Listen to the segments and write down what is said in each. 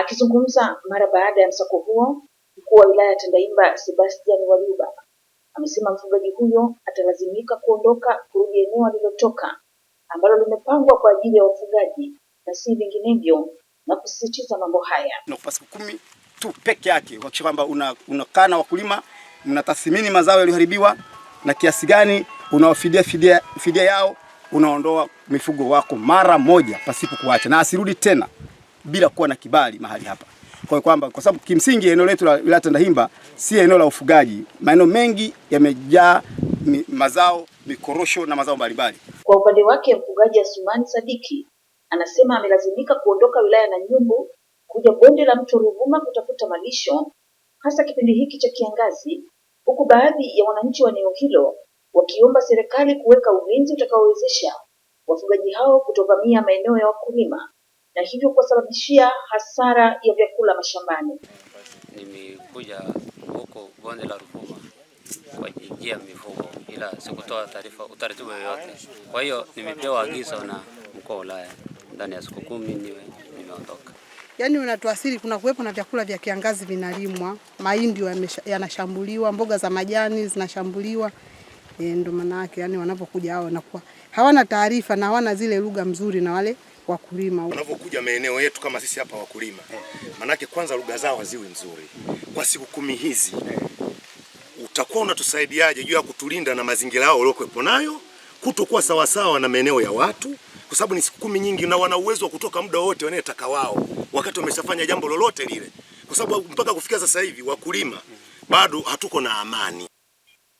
Akizungumza mara baada ya msako huo, mkuu wa wilaya Tandaimba Sebastian Waluba amesema mfugaji huyo atalazimika kuondoka kurudi eneo alilotoka ambalo limepangwa kwa ajili ya wafugaji na si vinginevyo, na kusisitiza mambo haya. Nakupa siku kumi tu peke yake kuhakikisha kwamba unakaa na wakulima, mnatathmini mazao yaliyoharibiwa na kiasi gani unawafidia fidia, fidia yao, unaondoa mifugo wako mara moja pasipo kuacha, na asirudi tena bila kuwa na kibali mahali hapa. Kwa hiyo kwamba kwa sababu kimsingi eneo letu la wilaya Tandahimba si eneo la ufugaji, maeneo mengi yamejaa mi, mazao mikorosho na mazao mbalimbali. Kwa upande wake mfugaji Asumani Sadiki anasema amelazimika kuondoka wilaya na nyumbu kuja bonde la mto Ruvuma kutafuta malisho hasa kipindi hiki cha kiangazi, huku baadhi ya wananchi wa eneo hilo wakiomba serikali kuweka ulinzi utakaowezesha wafugaji hao kutovamia maeneo ya wakulima na hivyo kuwasababishia hasara ya vyakula mashambani. Nimekuja huko bonde la Ruvuma kwa njia mifugo, ila sikutoa taarifa utaratibu yoyote. Kwa hiyo nimepewa agizo na mkoa wa Ulaya ndani ya siku kumi niwe nimeondoka. Yaani unatuasiri, kuna kuwepo na vyakula vya kiangazi vinalimwa, mahindi yanashambuliwa, mboga za majani zinashambuliwa. E, ndio maana yake, yani wanapokuja hao wanakuwa hawana taarifa na hawana zile lugha mzuri na wale wakulima wanavyokuja maeneo yetu kama sisi hapa wakulima, manake kwanza lugha zao haziwi nzuri. Kwa siku kumi hizi utakuwa unatusaidiaje juu ya kutulinda na mazingira yao waliokuwepo nayo kutokuwa sawasawa na maeneo ya watu, kwa sababu ni siku kumi nyingi, na wana uwezo wa kutoka muda wote wanayetaka wao, wakati wameshafanya jambo lolote lile, kwa sababu mpaka kufikia sasa hivi wakulima bado hatuko na amani.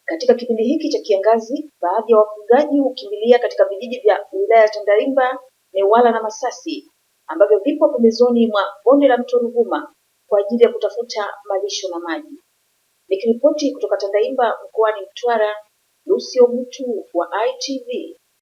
Katika kipindi hiki cha kiangazi, baadhi ya wafugaji hukimbilia katika vijiji vya wilaya ya Tandarimba Newala eh, na Masasi ambavyo vipo pembezoni mwa bonde la mto Ruvuma kwa ajili ya kutafuta malisho na maji. Nikiripoti kutoka tandaimba mkoani Mtwara, Lucio mtu wa ITV.